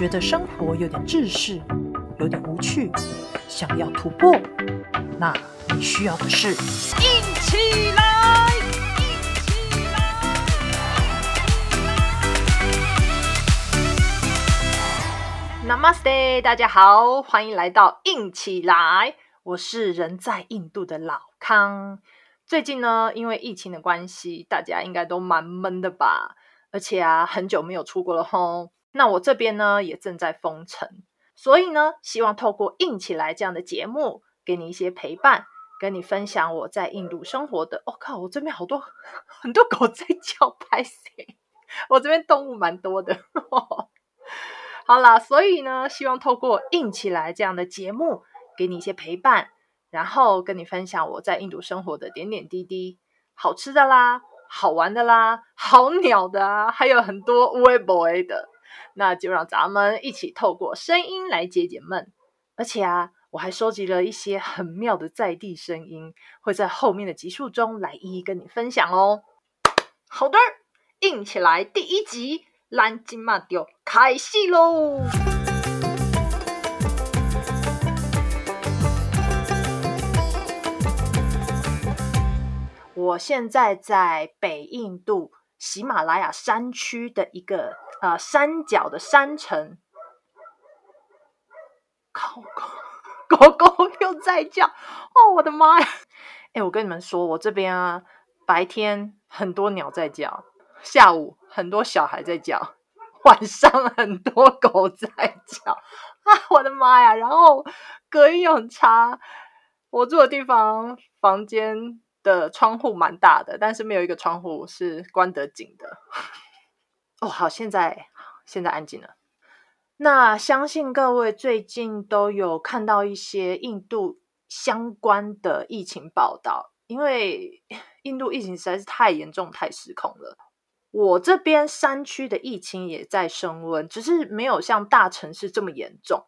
覺得生活有點窒息，有點無趣，想要突破，那你需要的是印起來，印起來，印起來。Namaste，大家好，歡迎來到印起來。我是人在印度的老康。最近呢，因為疫情的關係，大家應該都蠻悶的吧？而且啊，很久沒有出國了那我這邊呢，也正在封城，所以呢，希望透過印起來這樣的節目，給你一些陪伴，跟你分享我在印度生活的。我、哦、靠，我這邊好多很多狗在叫，拍誰？我這邊動物蠻多的，呵呵。好啦，所以呢，希望透過印起來這樣的節目，給你一些陪伴，然後跟你分享我在印度生活的點點滴滴，好吃的啦，好玩的啦，好鳥的啊，還有很多烏龜 boy 的。那就讓咱們一起透過聲音來解解悶，而且啊，我還收集了一些很妙的在地聲音，會在後面的集數中來一一跟你分享哦。好的，印起來，第一集藍金馬丟開始咯！ 我現在在北印度喜馬拉雅山區的一個。啊、呃！山腳的山城，狗狗狗又在叫，哦，我的媽呀！哎，我跟你們說，我這邊啊，白天很多鳥在叫，下午很多小孩在叫，晚上很多狗在叫啊！我的媽呀！然後隔音又很差，我住的地方房間的窗戶蠻大的，但是沒有一個窗戶是關得緊的。哦，好，現在現在安靜了。那相信各位最近都有看到一些印度相關的疫情報道，因為印度疫情實在是太嚴重、太失控了。我這邊山區的疫情也在升溫，只是沒有像大城市這麼嚴重。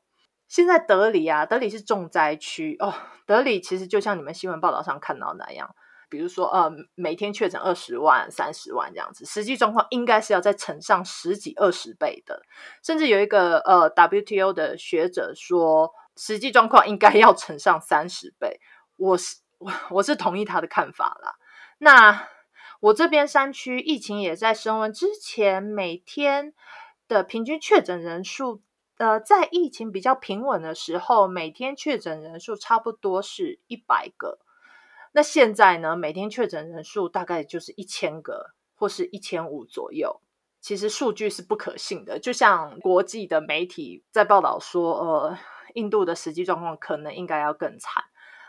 現在德里啊，德里是重災區哦。德里其實就像你們新聞報道上看到那樣。比如說，呃，每天確診二十萬、三十萬這樣子，實際狀況應該是要再乘上十幾、二十倍的。甚至有一個呃 WTO 的學者說，實際狀況應該要乘上三十倍。我是我我是同意他的看法啦。那我這邊山區疫情也在升溫，之前每天的平均確診人數，呃，在疫情比較平穩的時候，每天確診人數差不多是一百個。那現在呢？每天確診人數大概就是一千個或是一千五左右。其實數據是不可信的，就像國際的媒體在報道說，呃，印度的實際狀況可能應該要更慘。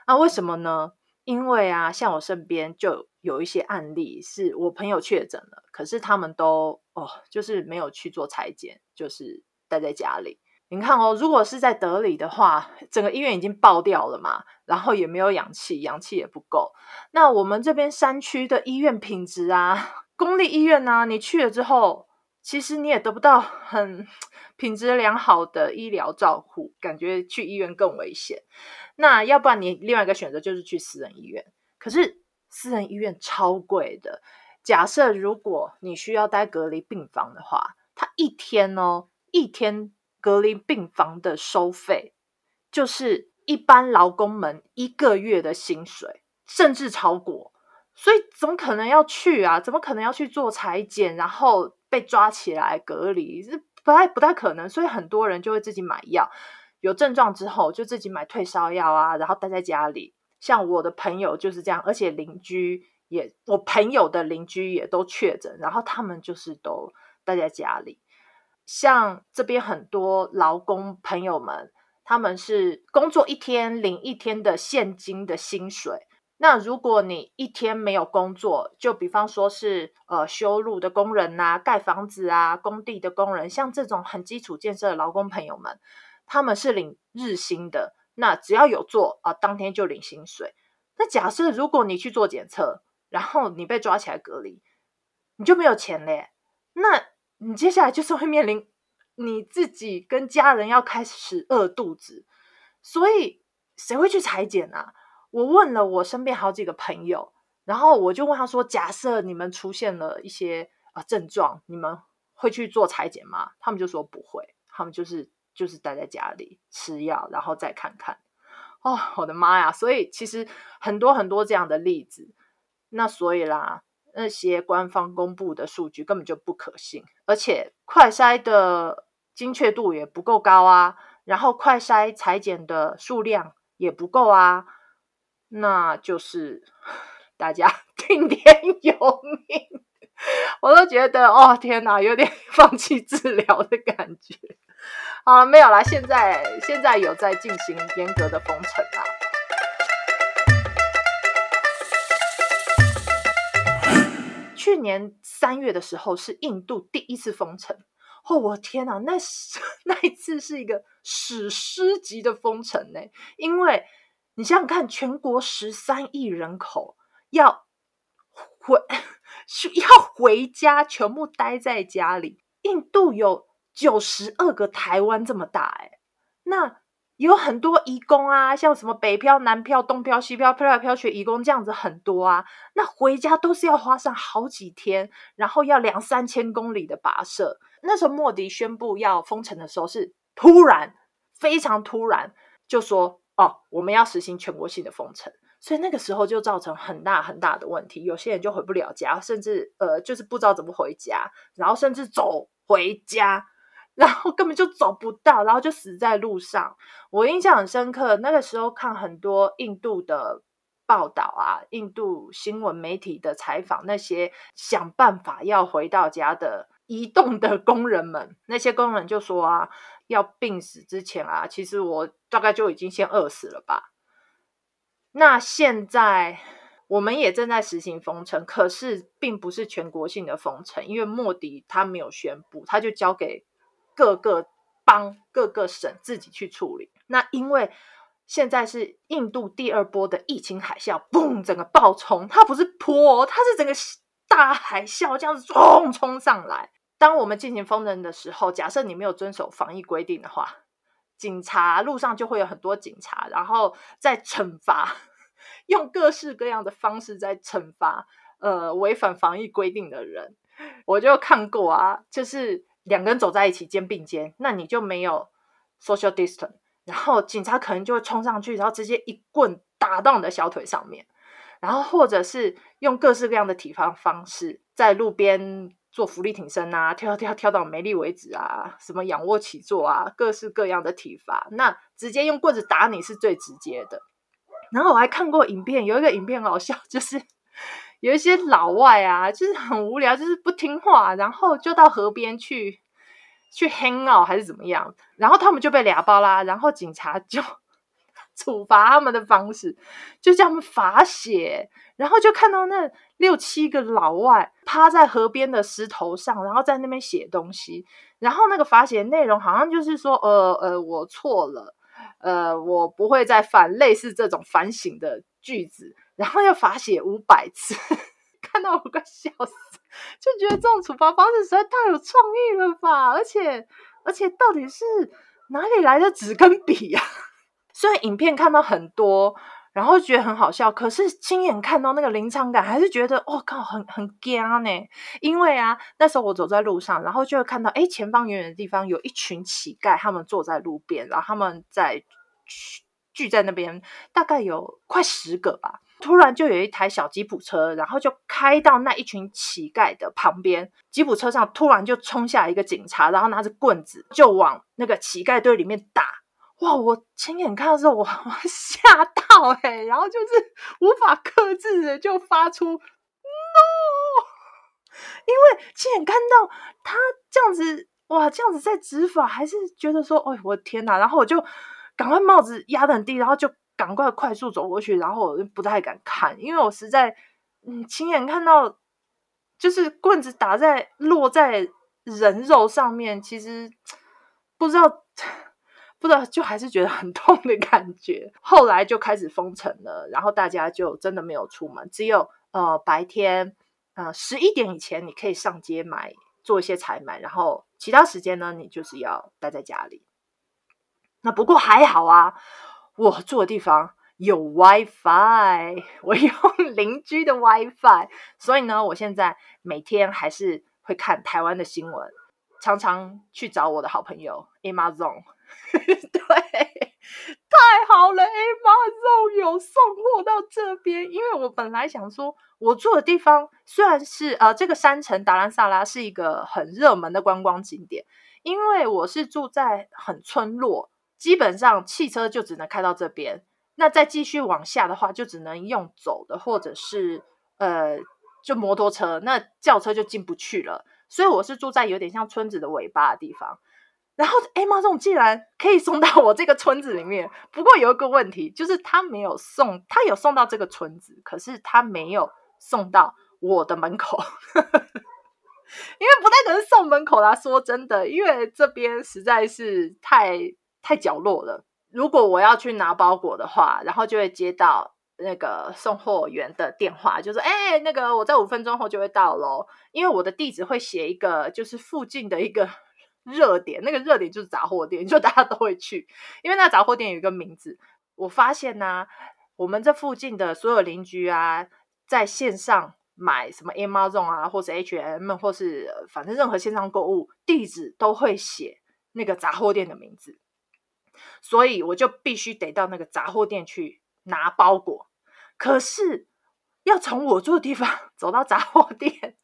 那為什麼呢？因為啊，像我身邊就有一些案例，是我朋友確診了，可是他們都哦，就是沒有去做採檢，就是待在家裡。你看哦，如果是在德里的話，整個醫院已經爆掉了嘛，然後也沒有氧氣，氧氣也不夠。那我們這邊山區的醫院品質啊，公立醫院呢、啊，你去了之後，其實你也得不到很品質良好的醫療照護，感覺去醫院更危險。那要不然你另外一個選擇就是去私人醫院，可是私人醫院超貴的。假設如果你需要待隔離病房的話，它一天哦，一天。隔離病房的收費就是一般勞工們一個月的薪水，甚至超過。所以怎麼可能要去啊？怎麼可能要去做採檢，然後被抓起來隔離？不太不太可能。所以很多人就會自己買藥，有症狀之後就自己買退燒藥啊，然後待在家裡。像我的朋友就是這樣，而且鄰居也，我朋友的鄰居也都確診，然後他們就是都待在家裡。像這邊很多勞工朋友們，他們是工作一天領一天的現金的薪水。那如果你一天沒有工作，就比方說是呃修路的工人吶、啊，蓋房子啊，工地的工人，像這種很基礎建設的勞工朋友們，他們是領日薪的。那只要有做啊、呃，當天就領薪水。那假設如果你去做檢測，然後你被抓起來隔離，你就沒有錢嘞。那你接下來就是會面臨你自己跟家人要開始餓肚子，所以誰會去採檢呢？我問了我身邊好幾個朋友，然後我就問他說：“假設你們出現了一些啊症狀，你們會去做採檢嗎？”他們就說不會，他們就是就是待在家裡吃藥，然後再看看。哦，我的媽呀！所以其實很多很多這樣的例子，那所以啦。那些官方公布的數據根本就不可信，而且快篩的精確度也不夠高啊，然後快篩採檢的數量也不夠啊，那就是大家聽天由命。我都覺得哦天哪，有點放棄治療的感覺。好、啊、了，沒有啦，現在現在有在進行嚴格的封城啦、啊。去年三月的時候是印度第一次封城，哦，我天哪、啊，那那一次是一個史詩級的封城呢、欸，因為你想想看，全國十三億人口要回，要回家，全部待在家裡，印度有九十二個台灣這麼大、欸，那。有很多移工啊，像什麼北漂、南漂、東漂、西漂，漂來漂去，移工這樣子很多啊。那回家都是要花上好幾天，然後要兩三千公里的跋涉。那時候莫迪宣布要封城的時候是突然，非常突然，就說哦，我們要實行全國性的封城，所以那個時候就造成很大很大的問題，有些人就回不了家，甚至呃就是不知道怎麼回家，然後甚至走回家。然後根本就走不到，然後就死在路上。我印象很深刻，那個時候看很多印度的報道啊，印度新聞媒體的採訪，那些想辦法要回到家的移動的工人們，那些工人就說啊，要病死之前啊，其實我大概就已經先餓死了吧。那現在我們也正在實行封城，可是並不是全國性的封城，因為莫迪他沒有宣布，他就交給。各個邦、各個省自己去處理。那因為現在是印度第二波的疫情海嘯，嘣，整個爆沖，它不是坡，哦，它是整個大海嘯這樣子冲冲上來。當我們進行封城的時候，假設你沒有遵守防疫規定的話，警察路上就會有很多警察，然後在懲罰，用各式各樣的方式在懲罰，呃，違反防疫規定的人。我就看過啊，就是。兩個人走在一起肩並肩，那你就沒有 social distance，然後警察可能就會衝上去，然後直接一棍打到你的小腿上面，然後或者是用各式各樣的體罰方式，在路邊做伏地挺身啊，跳跳跳到沒力為止啊，什麼仰臥起坐啊，各式各樣的體罰，那直接用棍子打你是最直接的。然後我還看過影片，有一個影片很好笑，就是。有一些老外啊，就是很無聊，就是不聽話，然後就到河邊去去 hang out 還是怎麼樣，然後他們就被倆包啦，然後警察就 處罰他們的方式，就叫他們罰寫，然後就看到那六七個老外趴在河邊的石頭上，然後在那邊寫東西，然後那個罰寫內容好像就是說，呃呃，我錯了，呃，我不會再犯類似這種反省的句子。然後要罰寫五百字，看到我快笑死，就覺得這種處罰方式實在太有創意了吧？而且，而且到底是哪裡來的紙跟筆呀？雖然影片看到很多，然後覺得很好笑，可是親眼看到那個臨場感，還是覺得哦靠，很很驚呢。因為啊，那時候我走在路上，然後就會看到，哎，前方遠遠的地方有一群乞丐，他們坐在路邊，然後他們在聚聚在那邊，大概有快十個吧。突然就有一台小吉普車，然後就開到那一群乞丐的旁邊。吉普車上突然就衝下一個警察，然後拿着棍子就往那個乞丐堆裡面打。哇！我親眼看到的時候我，我我嚇到哎、欸，然後就是無法克制的就發出 no，因為親眼看到他這樣子哇，這樣子在執法還是覺得說，哎，我的天哪、啊！然後我就趕快帽子壓得很低，然後就。趕快快速走過去，然後我不太敢看，因為我實在，嗯、親眼看到就是棍子打在落在人肉上面，其實不知道不知道，就還是覺得很痛的感覺。後來就開始封城了，然後大家就真的沒有出門，只有呃白天呃十一點以前你可以上街買做一些採買，然後其他時間呢你就是要待在家裡。那不過還好啊。我住的地方有 WiFi，我用鄰居的 WiFi，所以呢，我現在每天還是會看台灣的新聞，常常去找我的好朋友 Amazon。呵呵，對，太好了，Amazon 有送貨到這邊，因為我本來想說，我住的地方雖然是呃這個山城達蘭薩拉是一個很熱門的觀光景點，因為我是住在很村落。基本上汽車就只能開到這邊，那再繼續往下的話，就只能用走的或者是呃，就摩托車。那轎車就進不去了。所以我是住在有點像村子的尾巴的地方。然後，哎媽，這種竟然可以送到我這個村子裡面。不過有一個問題，就是他沒有送，他有送到這個村子，可是他沒有送到我的門口， 因為不太可能送門口啦。說真的，因為這邊實在是太。太角落了。如果我要去拿包裹的話，然後就會接到那個送貨員的電話，就說：“哎，那個我在五分鐘後就會到嘍。”因為我的地址會寫一個，就是附近的一個熱點，那個熱點就是雜貨店，就大家都會去。因為那雜貨店有一個名字，我發現呢、啊，我們這附近的所有鄰居啊，在線上買什麼 Amazon 啊，或是 H&M，或是反正任何線上購物，地址都會寫那個雜貨店的名字。所以我就必須得到那個雜貨店去拿包裹，可是要從我住的地方走到雜貨店，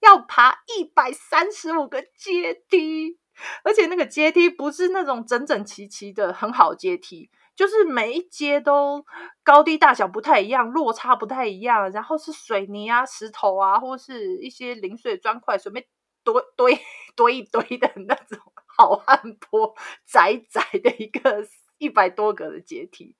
要爬一百三十五個階梯，而且那個階梯不是那種整整齊齊的很好階梯，就是每一階都高低大小不太一樣，落差不太一樣，然後是水泥啊、石頭啊，或是一些零碎磚塊，隨便堆堆堆，堆一堆的那種。好漢坡，窄窄的一個一百多個的階梯，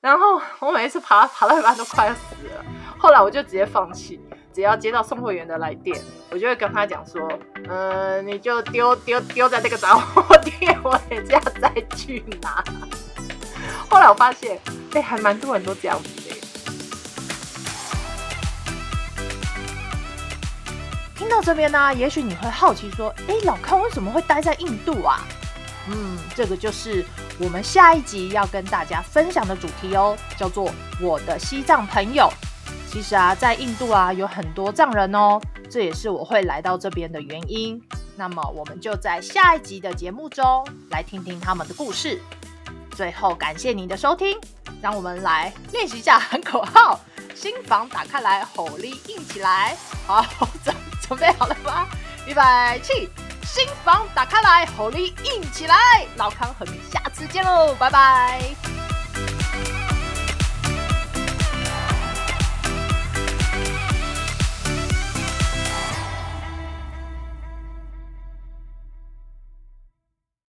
然後我每一次爬爬到一半都快要死了，後來我就直接放棄。只要接到送貨員的來電，我就會跟他講說：“嗯、呃，你就丟丟丟在那個雜貨店，我等下再去拿。”後來我發現，哎、欸，還蠻多人都這樣聽到這邊呢、啊，也許你會好奇說：“誒，老康為什麼會待在印度啊？”嗯，這個就是我們下一集要跟大家分享的主題哦，叫做“我的西藏朋友”。其實啊，在印度啊，有很多藏人哦，這也是我會來到這邊的原因。那麼，我們就在下一集的節目中來聽聽他們的故事。最後，感謝您的收聽，讓我們來練習一下喊口號：“新房打開來，火力硬起來！”好，走。準備好了嗎？預備起，新房打開來，Holy 硬起來！老康和你下次見嘍，拜拜。